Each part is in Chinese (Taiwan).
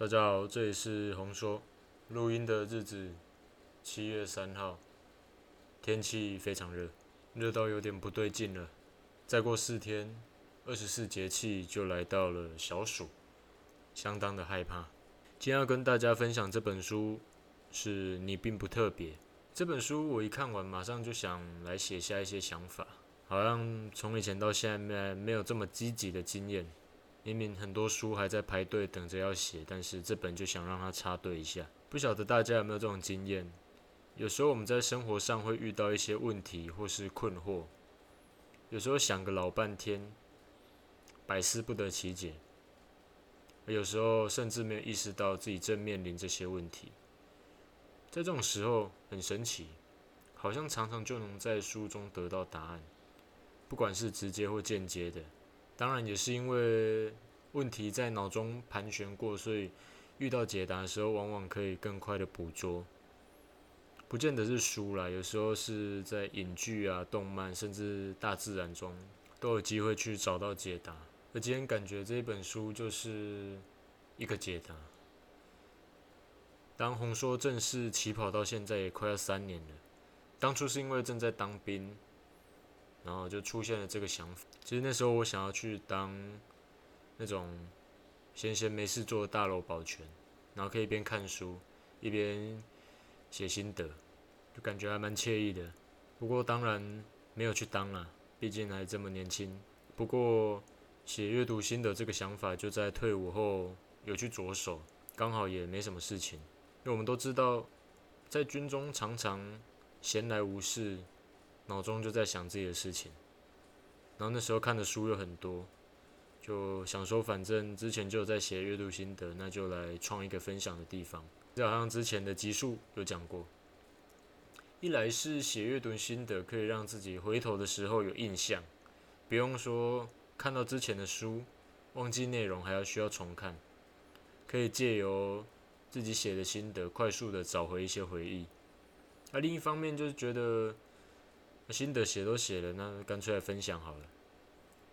大家好，這裡是紅說。錄音的日子，七月三號，天氣非常熱，熱到有點不對勁了。再過四天，二十四節氣就來到了小暑，相當的害怕。今天要跟大家分享這本書，是你並不特別。這本書我一看完，馬上就想來寫下一些想法，好像從以前到現在沒有這麼積極的經驗。明明很多書還在排隊等着要寫，但是這本就想讓它插隊一下。不曉得大家有沒有這種經驗？有時候我們在生活上會遇到一些問題或是困惑，有時候想個老半天，百思不得其解。而有時候甚至沒有意識到自己正面臨這些問題。在這種時候，很神奇，好像常常就能在書中得到答案，不管是直接或間接的。當然也是因為問題在腦中盤旋過，所以遇到解答的時候，往往可以更快的捕捉。不見得是書啦，有時候是在影劇啊、動漫，甚至大自然中，都有機會去找到解答。而今天感覺這本書就是一個解答。當紅說正式起跑到現在也快要三年了，當初是因為正在當兵。然後就出現了這個想法。其實那時候我想要去當那種閒閒沒事做的大樓保全，然後可以一邊看書一邊寫心得，就感覺還蠻愜意的。不過當然沒有去當了，畢竟還這麼年輕。不過寫閱讀心得這個想法就在退伍後有去着手，剛好也沒什麼事情。因為我們都知道，在軍中常常閒來無事。腦中就在想自己的事情，然後那時候看的書又很多，就想說，反正之前就有在寫閱讀心得，那就來創一個分享的地方。就好像之前的集數有講過，一來是寫閱讀心得可以讓自己回頭的時候有印象，不用說看到之前的書忘記內容還要需要重看，可以借由自己寫的心得快速的找回一些回憶。而另一方面就是覺得。心得寫都寫了，那乾脆來分享好了。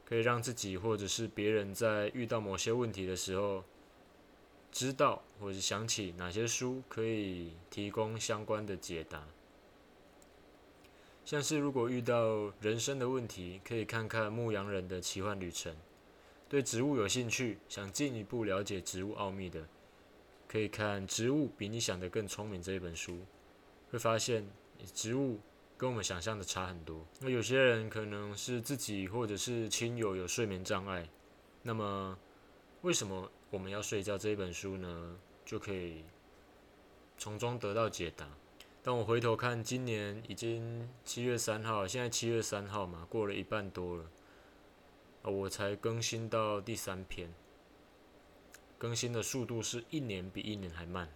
可以讓自己或者是別人在遇到某些問題的時候，知道或者想起哪些書可以提供相關的解答。像是如果遇到人生的問題，可以看看《牧羊人的奇幻旅程》。對植物有興趣，想進一步了解植物奧秘的，可以看《植物比你想的更聰明》這一本書，會發現植物。跟我們想象的差很多。那有些人可能是自己或者是親友有睡眠障礙，那麼為什麼我們要睡覺？這一本書呢，就可以從中得到解答。當我回頭看，今年已經七月三號，現在七月三號嘛，過了一半多了，我才更新到第三篇，更新的速度是一年比一年還慢。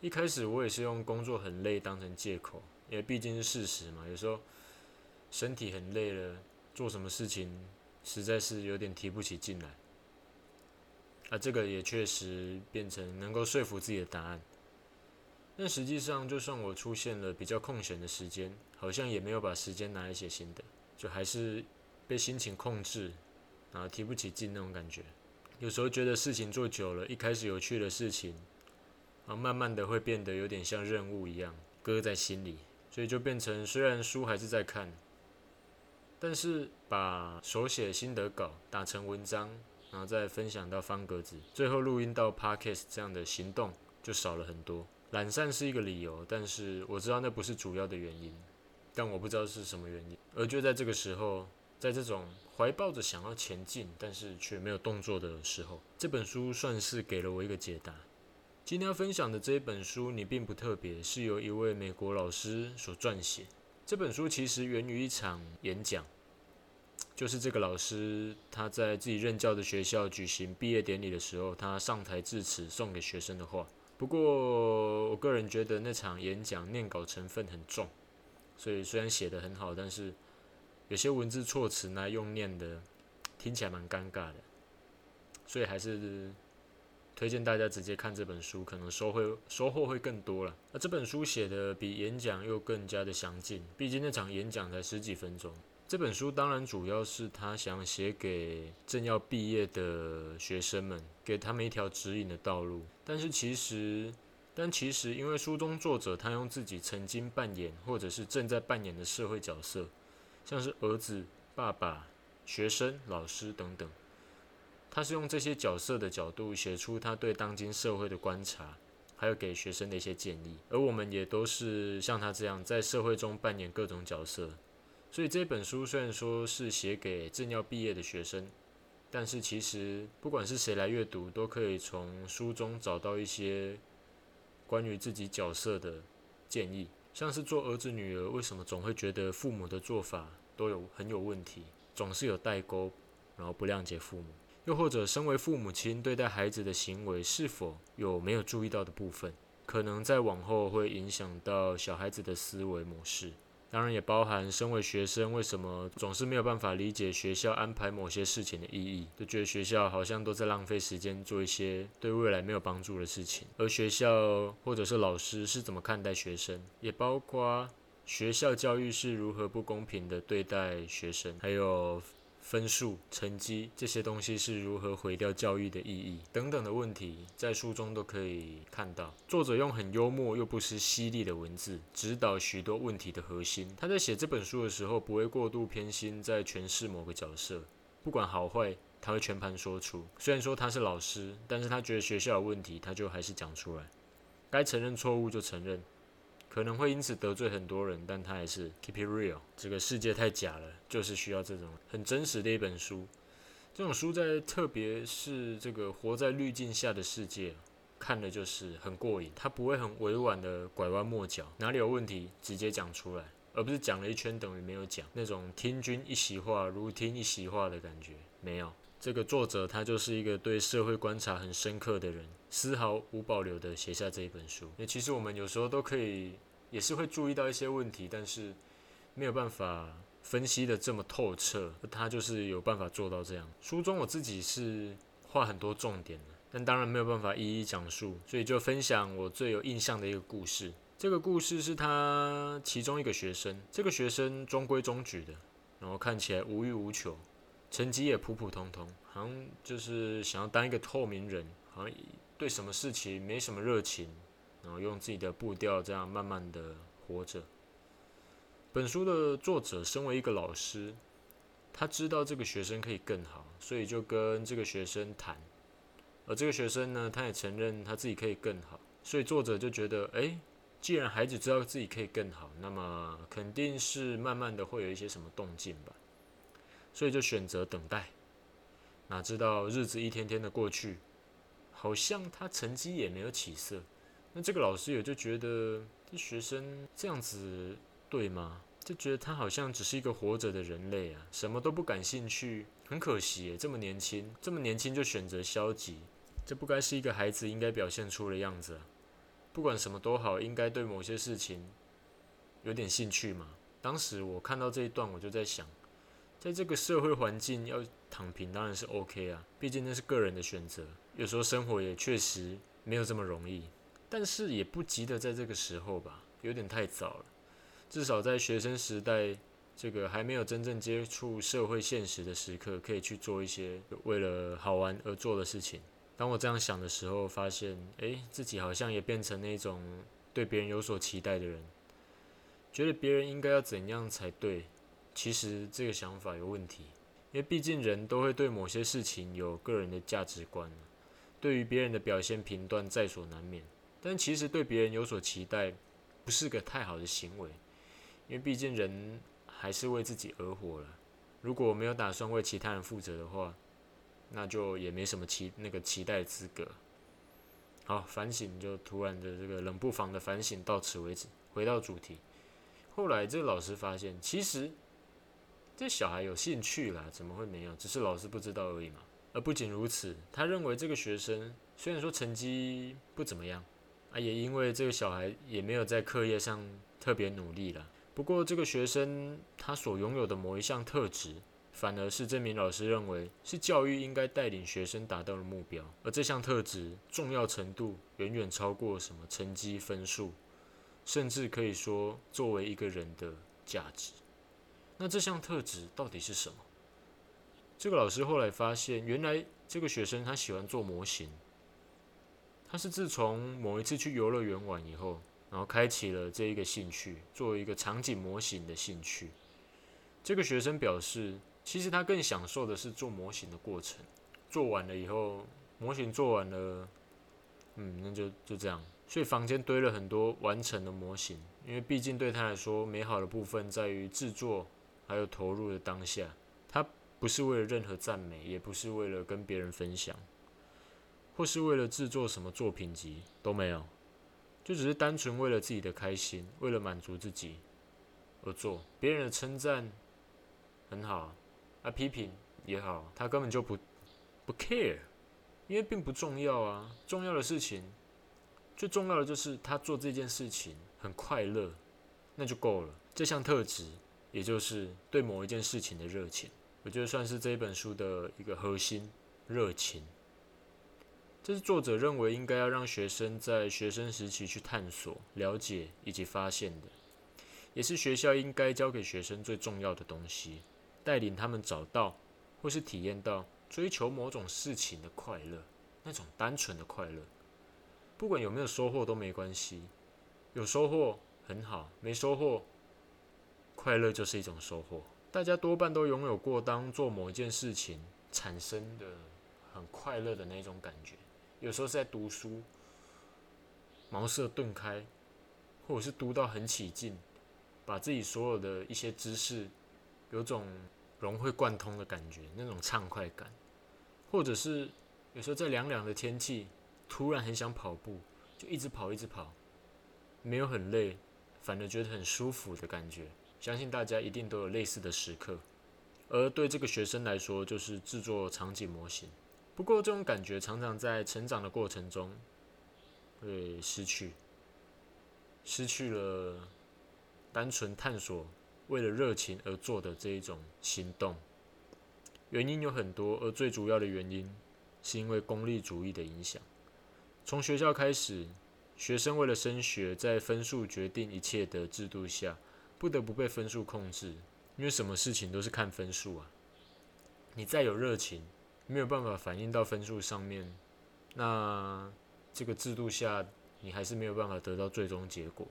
一開始我也是用工作很累當成借口。因為畢竟是事實嘛。有時候身體很累了，做什麼事情實在是有點提不起勁來。啊，這個也確實變成能夠說服自己的答案。但實際上，就算我出現了比較空閒的時間，好像也沒有把時間拿來寫新的，就還是被心情控制，然後提不起勁那種感覺。有時候覺得事情做久了，一開始有趣的事情，然後慢慢的會變得有點像任務一樣，擱在心裡。所以就變成，雖然書還是在看，但是把手寫心得稿打成文章，然後再分享到方格子，最後錄音到 podcast 這樣的行動就少了很多。懶散是一個理由，但是我知道那不是主要的原因，但我不知道是什麼原因。而就在這個時候，在這種懷抱着想要前進，但是卻沒有動作的時候，這本書算是給了我一個解答。今天要分享的這一本書，你並不特別，是由一位美國老師所撰寫。這本書其實源於一場演講，就是這個老師他在自己任教的學校舉行畢業典禮的時候，他上台致辭送給學生的話。不過我個人覺得那場演講念稿成分很重，所以雖然寫得很好，但是有些文字措辭呢，用念的聽起來蠻尷尬的，所以還是。推薦大家直接看這本書，可能收會收穫會更多了。那、啊，這本書寫的比演講又更加的詳盡，畢竟那場演講才十幾分鐘。這本書當然主要是他想寫給正要畢業的學生們，給他們一條指引的道路。但是其實，但其實因為書中作者他用自己曾經扮演或者是正在扮演的社會角色，像是兒子、爸爸、學生、老師等等。他是用這些角色的角度寫出他對當今社會的觀察，還有給學生的一些建議。而我們也都是像他這樣在社會中扮演各種角色，所以這本書雖然說是寫給正要畢業的學生，但是其實不管是誰來閱讀，都可以從書中找到一些關於自己角色的建議，像是做兒子女兒為什麼總會覺得父母的做法都有很有問題，總是有代溝，然後不諒解父母。又或者，身為父母親對待孩子的行為，是否有沒有注意到的部分，可能在往後會影響到小孩子的思維模式。當然，也包含身為學生，為什麼總是沒有辦法理解學校安排某些事情的意義，就覺得學校好像都在浪費時間做一些對未來沒有幫助的事情。而學校或者是老師是怎麼看待學生，也包括學校教育是如何不公平的對待學生，還有，分數、成績這些東西是如何毀掉教育的意義等等的問題，在書中都可以看到。作者用很幽默又不失犀利的文字，直搗許多問題的核心。他在寫這本書的時候，不會過度偏心，在詮釋某個角色，不管好壞，他會全盤說出。雖然說他是老師，但是他覺得學校有問題，他就還是講出來。該承認錯誤就承認。可能會因此得罪很多人，但他還是 keep it real。這個世界太假了，就是需要這種很真實的一本書。這種書在特別是這個活在濾鏡下的世界，啊，看的就是很過癮。他不會很委婉的拐彎抹角，哪裡有問題直接講出來，而不是講了一圈等於沒有講那種聽君一席話如聽一席話的感覺。沒有，這個作者他就是一個對社會觀察很深刻的人，絲毫無保留的寫下這一本書。那其實我們有時候都可以。也是會注意到一些問題，但是沒有辦法分析得這麼透徹。他就是有辦法做到這樣。書中我自己是畫很多重點的，但當然沒有辦法一一講述，所以就分享我最有印象的一個故事。這個故事是他其中一個學生，這個學生中規中矩的，然後看起來無欲無求，成績也普普通通，好像就是想要當一個透明人，好像對什麼事情沒什麼熱情。然後用自己的步調，這樣慢慢的活着。本書的作者身為一個老師，他知道這個學生可以更好，所以就跟這個學生談。而這個學生呢，他也承認他自己可以更好，所以作者就覺得，哎，既然孩子知道自己可以更好，那麼肯定是慢慢的會有一些什麼動靜吧，所以就選擇等待。哪知道日子一天天的過去，好像他成績也沒有起色。那這個老師也就覺得這學生這樣子對嗎？就覺得他好像只是一個活着的人類啊，什麼都不感興趣，很可惜耶，這麼年輕，這麼年輕就選擇消極，這不該是一個孩子應該表現出的樣子啊。不管什麼都好，應該對某些事情有點興趣嘛。當時我看到這一段，我就在想，在這個社會環境要躺平當然是 OK 啊，畢竟那是個人的選擇。有時候生活也確實沒有這麼容易。但是也不急得在這個時候吧，有點太早了。至少在學生時代，這個還沒有真正接觸社會現實的時刻，可以去做一些為了好玩而做的事情。當我這樣想的時候，發現哎，自己好像也變成那種對別人有所期待的人，覺得別人應該要怎樣才對。其實這個想法有問題，因為畢竟人都會對某些事情有個人的價值觀，對於別人的表現評斷在所難免。但其實對別人有所期待，不是個太好的行為，因為畢竟人還是為自己而活了。如果沒有打算為其他人負責的話，那就也沒什麼期那個期待資格。好，反省就突然的這個冷不防的反省到此為止，回到主題。後來這老師發現，其實這小孩有興趣啦，怎麼會沒有？只是老師不知道而已嘛。而不僅如此，他認為這個學生雖然說成績不怎麼樣。啊，也因為這個小孩也沒有在課業上特別努力了。不過，這個學生他所擁有的某一項特質，反而是這名老師認為是教育應該帶領學生達到的目標。而這項特質重要程度遠遠超過什麼成績分數，甚至可以說作為一個人的價值。那這項特質到底是什麼？這個老師後來發現，原來這個學生他喜歡做模型。他是自從某一次去遊樂園玩以後，然後開啟了這一個興趣，做一個場景模型的興趣。這個學生表示，其實他更享受的是做模型的過程，做完了以後，模型做完了，嗯，那就就這樣。所以房間堆了很多完成的模型，因為畢竟對他來說，美好的部分在於製作，還有投入的當下。他不是為了任何讚美，也不是為了跟別人分享。或是為了制作什麼作品集都沒有，就只是單純為了自己的開心，為了滿足自己而做。別人的稱讚很好，啊批評也好，他根本就不不 care，因為並不重要啊。重要的事情，最重要的就是他做這件事情很快樂，那就夠了。這項特質，也就是對某一件事情的熱情，我覺得算是這一本書的一個核心，熱情。這是作者認為應該要讓學生在學生時期去探索、了解以及發現的，也是學校應該教給學生最重要的東西，帶領他們找到或是體驗到追求某種事情的快樂，那種單純的快樂，不管有沒有收穫都沒關係，有收穫很好，沒收穫，快樂就是一種收穫。大家多半都擁有過當做某一件事情產生的很快樂的那種感覺。有時候是在讀書，茅塞頓開，或者是讀到很起勁，把自己所有的一些知識，有種融會貫通的感覺，那種暢快感，或者是有時候在涼涼的天氣，突然很想跑步，就一直跑一直跑，沒有很累，反而覺得很舒服的感覺。相信大家一定都有類似的時刻，而對這個學生來說，就是製作場景模型。不過，這種感覺常常在成長的過程中會失去，失去了單純探索、為了熱情而做的這一種行動。原因有很多，而最主要的原因是因為功利主義的影響。從學校開始，學生為了升學，在分數決定一切的制度下，不得不被分數控制，因為什麼事情都是看分數啊！你再有熱情。沒有辦法反映到分數上面，那這個制度下，你還是沒有辦法得到最終結果。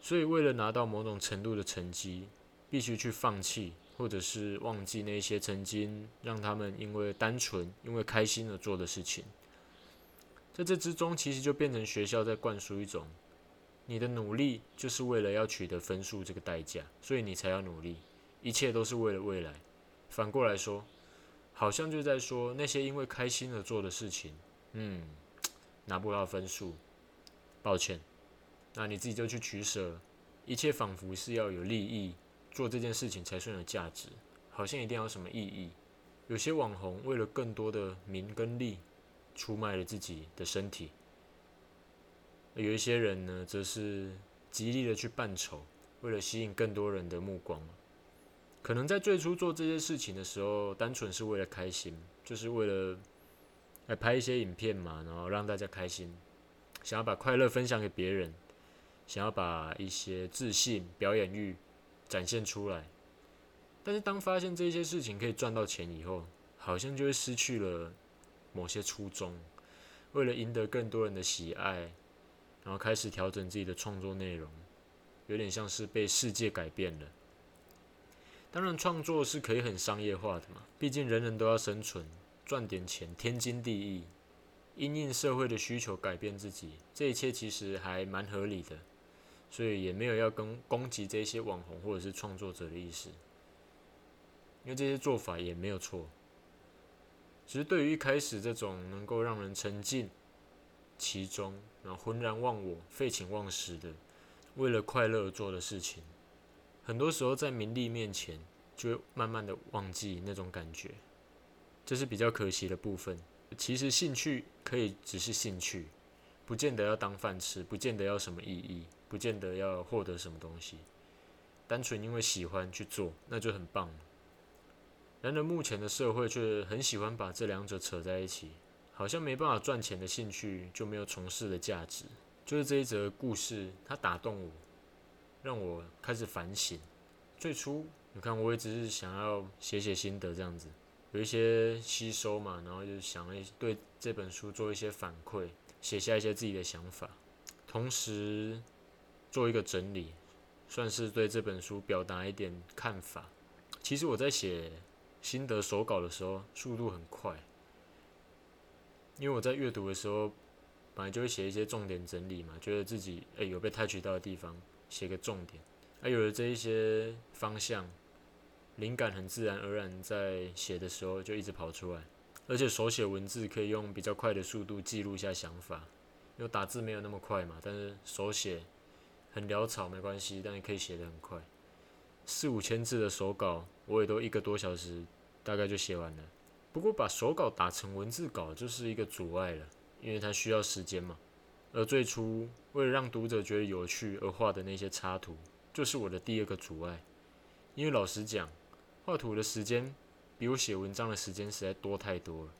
所以，為了拿到某種程度的成績，必須去放棄，或者是忘記那些曾經讓他們因為單純、因為開心而做的事情。在這之中，其實就變成學校在灌輸一種：你的努力就是為了要取得分數這個代價，所以你才要努力，一切都是為了未來。反過來說。好像就在說那些因為開心而做的事情，嗯，拿不到分數，抱歉。那你自己就去取捨，一切仿佛是要有利益做這件事情才算有價值，好像一定要有什麼意義。有些網紅為了更多的名跟利，出賣了自己的身體；有一些人呢，則是極力的去扮醜，為了吸引更多人的目光。可能在最初做這些事情的時候，單純是為了開心，就是為了來拍一些影片嘛，然後讓大家開心，想要把快樂分享給別人，想要把一些自信、表演欲展現出來。但是當發現這些事情可以賺到錢以後，好像就會失去了某些初衷，為了贏得更多人的喜愛，然後開始調整自己的創作內容，有點像是被世界改變了。當然，創作是可以很商業化的嘛，畢竟人人都要生存，賺點錢天經地義，因應社會的需求改變自己，這一切其實還蠻合理的，所以也沒有要跟攻擊這些網紅或者是創作者的意思，因為這些做法也沒有錯，只是對於一開始這種能夠讓人沉浸其中，然後渾然忘我、廢寢忘食的，為了快樂而做的事情。很多時候在名利面前，就會慢慢的忘記那種感覺，這是比較可惜的部分。其實興趣可以只是興趣，不見得要當飯吃，不見得要什麼意義，不見得要獲得什麼東西，單純因為喜歡去做，那就很棒了。然而目前的社會卻很喜歡把這兩者扯在一起，好像沒辦法賺錢的興趣就沒有從事的價值。就是這一則故事，它打動我。讓我開始反省。最初，你看，我也只是想要寫寫心得這樣子，有一些吸收嘛，然後就是想對這本書做一些反饋，寫下一些自己的想法，同時做一個整理，算是對這本書表達一點看法。其實我在寫心得手稿的時候，速度很快，因為我在閱讀的時候，本來就會寫一些重點整理嘛，覺得自己哎、欸、有被 touch 到的地方。寫個重點，那、啊、有了這一些方向，靈感很自然而然，在寫的時候就一直跑出來，而且手寫文字可以用比較快的速度記錄一下想法，因為打字沒有那麼快嘛。但是手寫很潦草沒關係，但是可以寫得很快，四五千字的手稿我也都一個多小時大概就寫完了。不過把手稿打成文字稿就是一個阻礙了，因為它需要時間嘛。而最初為了讓讀者覺得有趣而畫的那些插圖，就是我的第二個阻礙。因為老實講，畫圖的時間比我寫文章的時間實在多太多了。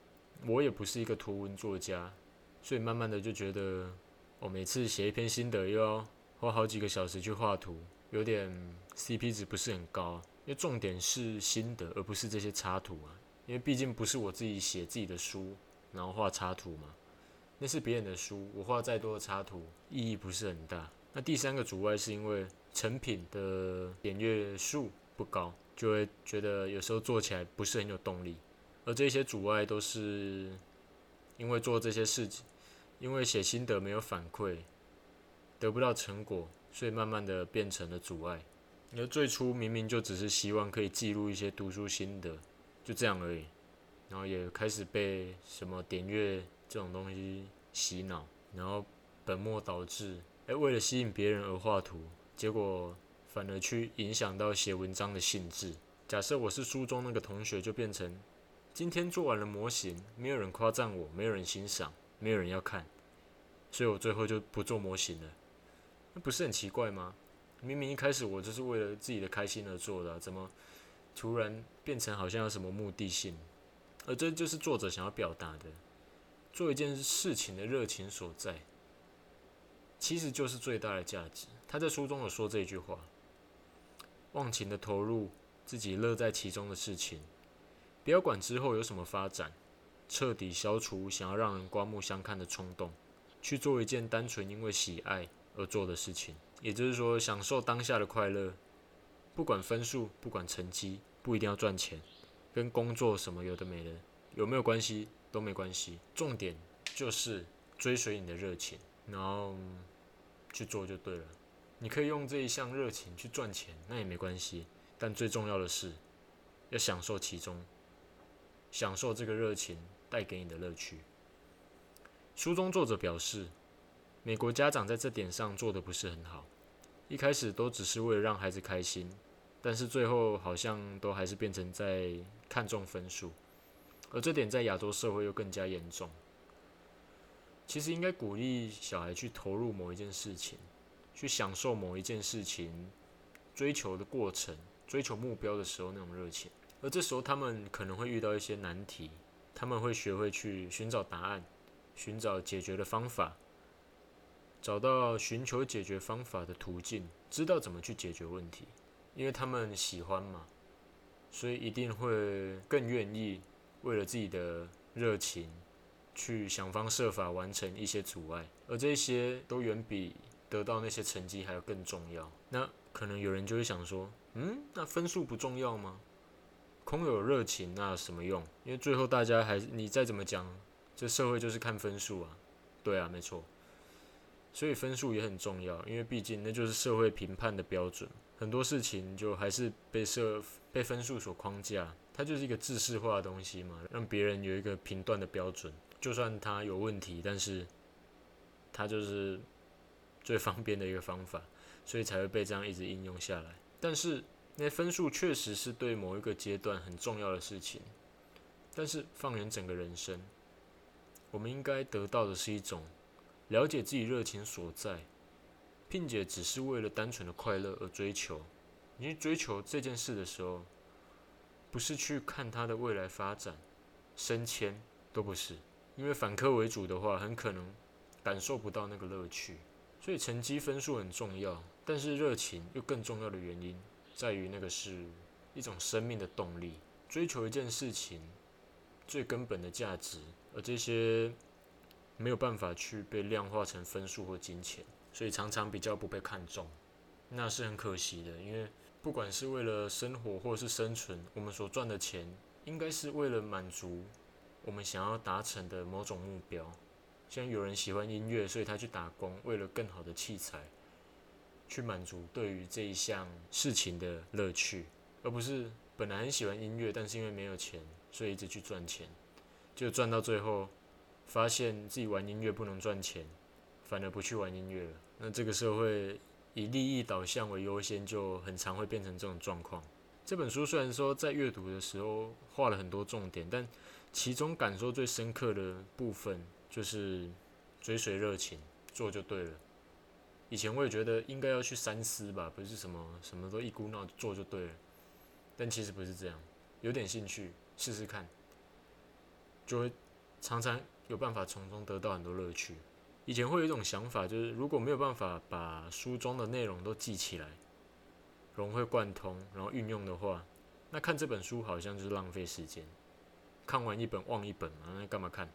我也不是一個圖文作家，所以慢慢的就覺得，我、哦、每次寫一篇心得又要花好幾個小時去畫圖，有點 CP 值不是很高。因為重點是心得，而不是這些插圖啊。因為畢竟不是我自己寫自己的書，然後畫插圖嘛。那是別人的書，我畫再多的插圖，意義不是很大。那第三個阻礙是因為成品的點閱數不高，就會覺得有時候做起來不是很有動力。而這些阻礙都是因為做這些事情，因為寫心得沒有反饋，得不到成果，所以慢慢的變成了阻礙。而最初明明就只是希望可以記錄一些讀書心得，就這樣而已。然後也開始被什麼點閱。這種東西洗腦，然後本末倒置。哎、欸，為了吸引別人而畫圖，結果反而去影響到寫文章的興致。假設我是書中那個同學，就變成今天做完了模型，沒有人誇讚我，沒有人欣賞，沒有人要看，所以我最後就不做模型了。那不是很奇怪嗎？明明一開始我就是為了自己的開心而做的，啊，怎麼突然變成好像有什麼目的性？而這就是作者想要表達的。做一件事情的熱情所在，其實就是最大的價值。他在書中有說這句話：忘情的投入自己樂在其中的事情，不要管之後有什麼發展，徹底消除想要讓人刮目相看的衝動，去做一件單純因為喜愛而做的事情。也就是說，享受當下的快樂，不管分數，不管成績，不一定要賺錢，跟工作什麼有的沒的有沒有關係？都沒關係，重點就是追隨你的熱情，然後去做就對了。你可以用這一項熱情去賺錢，那也沒關係。但最重要的是要享受其中，享受這個熱情帶給你的樂趣。書中作者表示，美國家長在這點上做得不是很好，一開始都只是為了讓孩子開心，但是最後好像都還是變成在看重分數。而這點在亞洲社會又更加嚴重。其實應該鼓勵小孩去投入某一件事情，去享受某一件事情追求的過程，追求目標的時候那種熱情。而這時候他們可能會遇到一些難題，他們會學會去尋找答案，尋找解決的方法，找到尋求解決方法的途徑，知道怎麼去解決問題。因為他們喜歡嘛，所以一定會更願意。為了自己的熱情，去想方設法完成一些阻礙，而這些都遠比得到那些成績還要更重要。那可能有人就會想說，嗯，那分數不重要嗎？空有熱情那有什麼用？因為最後大家還是你再怎麼講，這社會就是看分數啊。對啊，沒錯，所以分數也很重要，因為畢竟那就是社會評判的標準。很多事情就還是被設。被分數所框架，它就是一個制式化的東西嘛，讓別人有一個評斷的標準。就算它有問題，但是它就是最方便的一個方法，所以才會被這樣一直應用下來。但是，那分數確實是對某一個階段很重要的事情。但是，放眼整個人生，我們應該得到的是一種了解自己熱情所在，並且只是為了單純的快樂而追求。你去追求這件事的時候，不是去看他的未來發展、升遷，都不是。因為反客為主的話，很可能感受不到那個樂趣。所以成績分數很重要，但是熱情又更重要的原因在於那個是一種生命的動力。追求一件事情最根本的價值，而這些沒有辦法去被量化成分數或金錢，所以常常比較不被看重。那是很可惜的，因為。不管是為了生活或是生存，我們所賺的錢應該是為了滿足我們想要達成的某種目標。像有人喜歡音樂，所以他去打工，為了更好的器材，去滿足對於這一項事情的樂趣，而不是本來很喜歡音樂，但是因為沒有錢，所以一直去賺錢，就賺到最後，發現自己玩音樂不能賺錢，反而不去玩音樂了。那這個社會。以利益導向為優先，就很常會變成這種狀況。這本書雖然說在閱讀的時候畫了很多重點，但其中感受最深刻的部分就是追隨熱情做就對了。以前我也覺得應該要去三思吧，不是什麼什麼都一股腦做就對了。但其實不是這樣，有點興趣試試看，就會常常有辦法從中得到很多樂趣。以前會有一種想法，就是如果沒有辦法把書中的內容都記起來、融會貫通，然後運用的話，那看這本書好像就是浪費時間。看完一本忘一本嘛，那幹嘛看？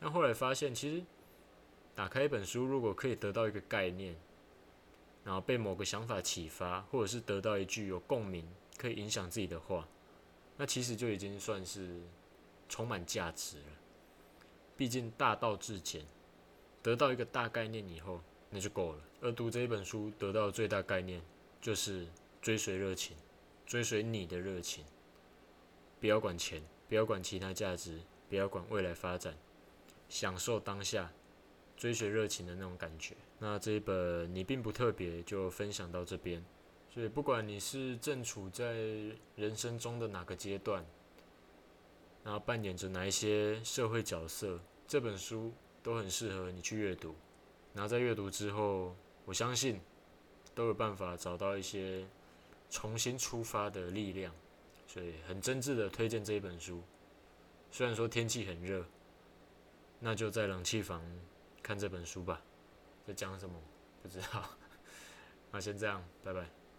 那後來發現，其實打開一本書，如果可以得到一個概念，然後被某個想法啟發，或者是得到一句有共鳴、可以影響自己的話，那其實就已經算是充滿價值了。畢竟大道至簡。得到一個大概念以後，那就夠了。而讀這一本書得到的最大概念，就是追隨熱情，追隨你的熱情，不要管錢，不要管其他價值，不要管未來發展，享受當下，追隨熱情的那種感覺。那這一本你並不特別，就分享到這邊。所以不管你是正處在人生中的哪個階段，然後扮演着哪一些社會角色，這本書。都很適合你去閱讀，然後在閱讀之後，我相信都有辦法找到一些重新出發的力量，所以很真摯的推薦這一本書。雖然說天氣很熱，那就在冷氣房看這本書吧。在講什麼？不知道，那先這樣，拜拜。